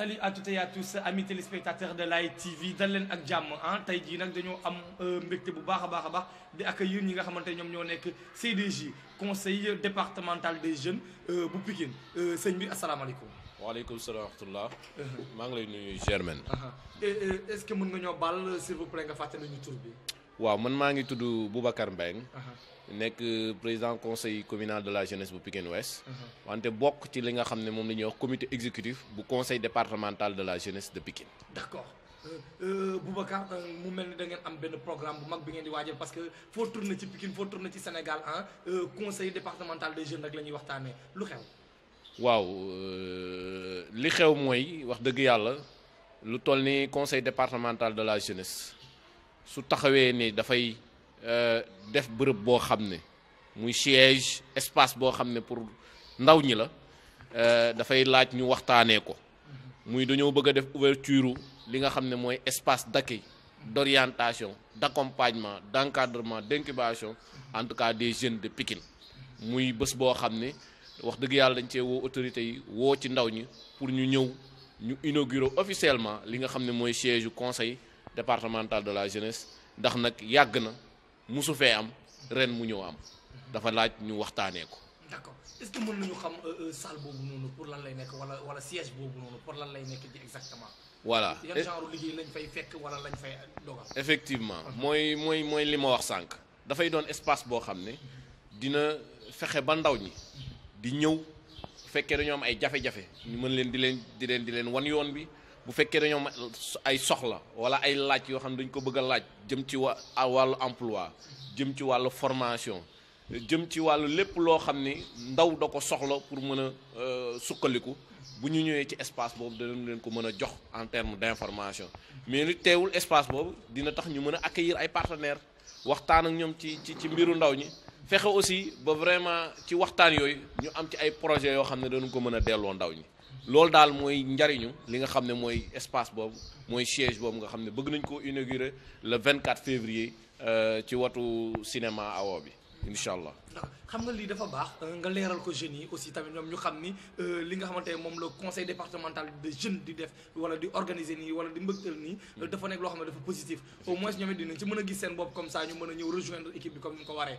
salut à toutes et à tous amis de Light TV dal leen ak jàmm ah tey jii nag dañoo am euh, mbégte bu baax a baax a baax di accueillir ñi nga xamante ne ñoom ñoo nekk CDJ conseil départemental des jeunes euh, bu Pikine euh, sëñ bi asalaamaaleykum. waaleykum salaam wa rahmatulah. maa ngi lay nuyu Germaine. Uh-huh. est-ce que mën nga ñoo baal s'il vous nga fàttali ñu tur bi. waaw man maa ngi tudd Boubacar Mbengue nekk président conseil communal de la jeunesse bu Pikine Ouest wante bokk ci li nga xam ne moom la ñuy wax comité exécutif bu conseil départemental de la jeunesse de Pikine d'accord euh, euh, Boubacar euh, mu mel ni da ngeen am benn programme bu mag bi ngeen di waajal parce que foo tourné ci Pikine foo tourné ci Sénégal ah conseil départemental des jeunes rek la ñuy waxtaanee lu xew waaw li xew mooy wax dëgg yàlla lu toll ni conseil départemental de la jeunesse su taxawee ne dafay euh, def bërëb boo xam ne muy siège espace boo xam ne pour ndaw ñi la euh, dafay laaj ñu waxtaanee ko muy dañoo bëgg a def ouverture li nga xam ne mooy espace d'accueil d'orientation d'accompagnement d'encadrement d'incubation en tout cas des jeunes de Pikine muy bës boo xam ne wax dëgg yàlla dañ cee woo autorités yi woo ci ndaw ñi pour ñu ñëw ñu inaugurer officiellement li nga xam ne mooy siège conseil départementale de la jeunesse ndax nag yàgg na mosu fee am ren mu ñëw am dafa laaj ñu waxtaanee ko. d'accord est-ce que mën nañu xam euh, euh, salle boobu noonu pour lan lay nekk wala wala siège boobu pour lan lay nekk ji exactement. voilà yan e- genre liggéey lañ fay fekk wala lañ fay dogal. effectivement mooy mooy mooy li ma wax sànq. dafay doon espace boo xam ne dina fexe ba ndaw ñi di ñëw fekkee dañoo am ay jafe-jafe mën leen di leen di leen di leen wan yoon bi. bu fekkee dañoo ay soxla wala ay laaj yoo xam ne dañ ko bëgg a laaj jëm ci wa wàllu emploi jëm ci wàllu formation jëm ci wàllu lépp loo xam ni ndaw da ko soxla pour mën a euh, sukkaliku bu ñu ñëwee ci espace boobu danañ leen ko mën a jox en terme d'information mais li teewul espace boobu dina tax ñu mën a accueillir ay partenaires waxtaan ak ñoom ci ci ci mbiru ndaw ñi fexe aussi ba vraiment ci waxtaan yooyu ñu am ci ay projets yoo xam ne danañ ko mën a delloo ndaw ñi loolu daal mooy njariñu li nga xam ne mooy espace boobu mooy siège boobu nga xam ne bëgg nañ ko koo inaugurer le 24 février euh, ci watu cinéma awo bi incha allah xam nga lii dafa baax euh, nga leeral ko jeunes yi aussi tamit ñoom ñu xam ni euh, li nga xamante ne moom le conseil départemental de jeunes di def wala wala di mbëgtal nii hmm. dafa nekk loo xam ne dafa positif au moins ñoom it dinañ ci mën a gis a ñëw ni mu ko waree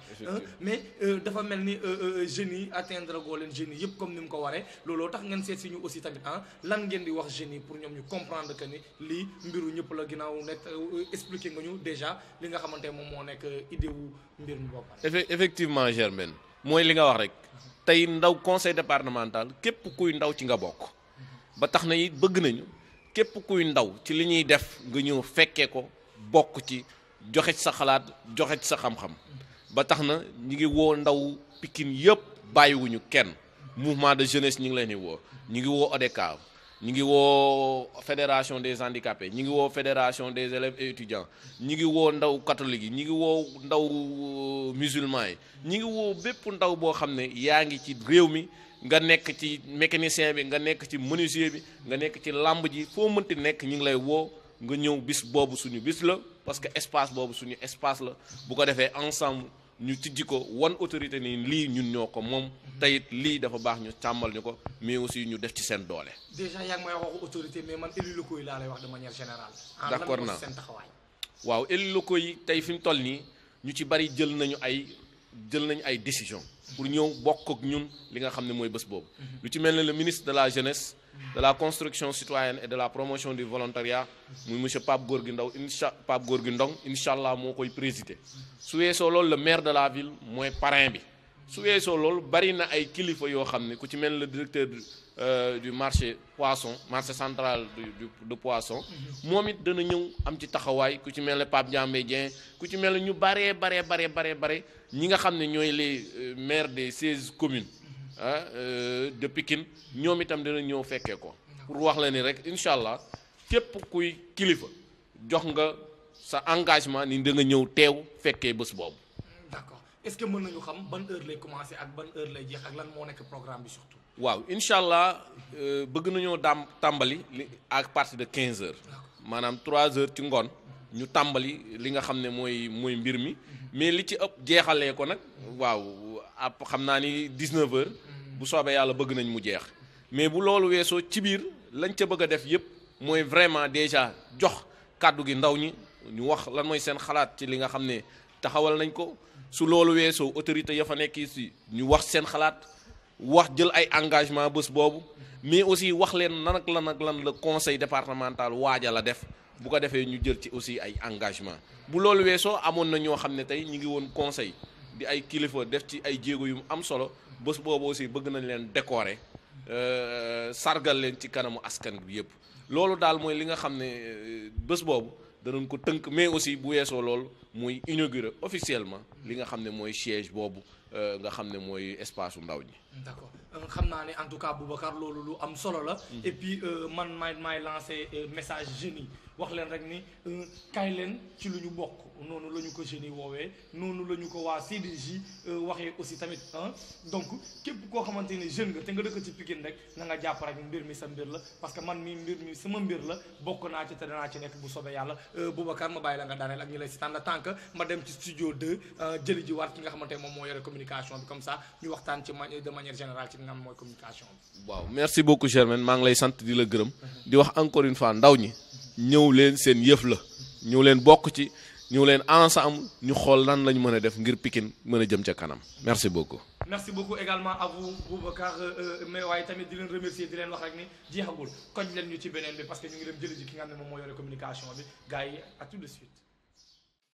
mais euh, dafa leen jeunes yëpp comme ni mu ko waree looloo tax ngeen seet si ñu aussi tamit ngeen di wax jeunes yi pour ñoom ñu comprendre que ni lii mbiru ñëpp la ginnaaw nekk expliqué nga ñu déjà li nga xamante moom moo nekk idée wu mbir mi bopp effectivement Germaine mooy li nga wax rek tey ndaw conseil départemental képp kuy ndaw ci nga bokk ba tax na it bëgg nañu képp kuy ndaw ci li ñuy def nga ñëw fekkee ko bokk ci joxe sa xalaat joxe ci sa xam-xam ba tax na ñu ngi woo ndaw Pikine yëpp bàyyiwuñu kenn mouvement de jeunesse ñu ngi leen di woo ñu ngi woo ODCAV ñu ngi woo fédération des handicapés ñu ngi woo fédération des élèves et étudiants ñu ngi woo ndaw catholique yi ñu ngi woo ndaw musulman yi ñu ngi woo bépp ndaw boo xam ne yaa ngi ci réew mi nga nekk ci mécanicien bi nga nekk ci menuisier bi nga nekk ci làmb ji foo mënti nekk ñu ngi lay woo nga ñëw bis boobu suñu bis la parce que espace boobu suñu espace la bu ko defee ensemble ñu tijji ko wan autorité ni lii ñun ñoo ko moom teyit lii dafa baax ñu càmmal ñu ko mais aussi ñu def ci seen doole. déjà yaa ngi may wax autorité mais man élus locaux yi laa lay wax de manière générale. Ah, d'accord naa seen taxawaay. waaw élus locaux yi tey fi mu toll nii ñu ci bari jël nañu ay. jël nañu ay décision pour ñëw bokk ak ñun li nga xam ne mooy bés boobu lu ci mel ne le ministre de la jeunesse de la construction citoyenne et de la promotion du volontariat muy monsieur Pape Gorgui Ndaw incha Pape gi Ndong incha allah moo koy présider su weesoo loolu le maire de la ville mooy parrain bi su weesoo loolu bari na ay kilifa yoo xam ne ku ci mel ne le directeur du euh, marché poisson marché central du de poisson moom it dana ñëw am ci taxawaay ku ci mel ne Pape Ndiambé Dieng ku ci mel ne ñu baree baree baree baree bare ñi nga xam ne ñooy les euh, maires des seize communes ah de Pikine ñoom itam dana ñëw fekkee ko pour wax la ni rek incha allah képp kuy kilifa jox nga sa engagement ni danga ñëw teew fekkee bés boobu est-ce que mën nañu xam ban heure lay commencer ak ban heure lay jeex ak lan moo nekk programme bi surtout. waaw incha allah euh, bëgg nañoo daam tàmbali li à partir de quinze heures. maanaam trois heures ci ngoon. ñu tàmbali li nga xam ne mooy mooy mbir mi. Mhm. mais li ci ëpp jeexalee ko nag. waaw app xam naa ni 19 heures. Mhm. bu soobee yàlla bëgg nañ mu jeex. mais bu loolu weesoo ci biir lañ ca bëgg a def yépp mooy vraiment déjà jox kàddu gi ndaw ñi ñu wax lan mooy seen xalaat ci li nga xam ne taxawal nañ ko. su loolu weesoo autorité ya fa nekk si ñu wax seen xalaat wax jël ay engagement bés boobu mais aussi wax leen nan ak lan lan la conseil départemental waaja la def bu ko defee ñu jël ci aussi ay engagement bu loolu weesoo amoon na ñoo xam ne tey ñu ngi woon conseil di ay kilifa def ci ay jéego yu mu am solo bés boobu aussi bëgg nañ leen décorer euh, sargal leen ci kanamu askan bi yëpp loolu daal mooy li nga xam ne euh, bés boobu danañ ko tënk mais aussi bu weesoo loolu muy inaugurer officiellement li nga xam ne mooy chaise boobu euh, nga xam ne mooy espace su ndaw ñi. Euh, xam naa ne en tout cas Boubacar loolu lu am solo la. Mm-hmm. et puis euh, man maay maay lancé euh, message jeunes wax leen rek ni kaay leen ci lu ñu bokk noonu la ñu ko jeunes woowee noonu la ñu ko waa CDJ waxee aussi tamit donc képp koo xamante ni jeune nga te nga dëkk ci Pikine rek na jàpp rek mbir mi sa mbir la parce que man mi mbir mi sama mbir la bokk naa ci te danaa ci nekk bu soobee yàlla Boubacar ma bàyyi la nga daaneel ak ñi lay si a tànk ma dem ci studio 2 moo yore communication bi comme ça ñu waxtaan ci de li nga xam mooy communication bi. merci beaucoup Germaine maa ngi lay sant di la gërëm. di wax encore une fois ndaw ñi. ñëw leen seen yëf la. ñëw leen bokk ci ñëw leen ensemble ñu xool nan la ñu mën a def ngir Pikine mën a jëm ca kanam merci beaucoup. merci beaucoup également à vous Boubacar euh, euh, waaye tamit di leen remercier di leen wax rek ni jeexagul koñ leen ñu ci beneen bi parce que ñu ngi dem jëli ji ki nga xam moom moo yore communication bi gars yi tout de suite.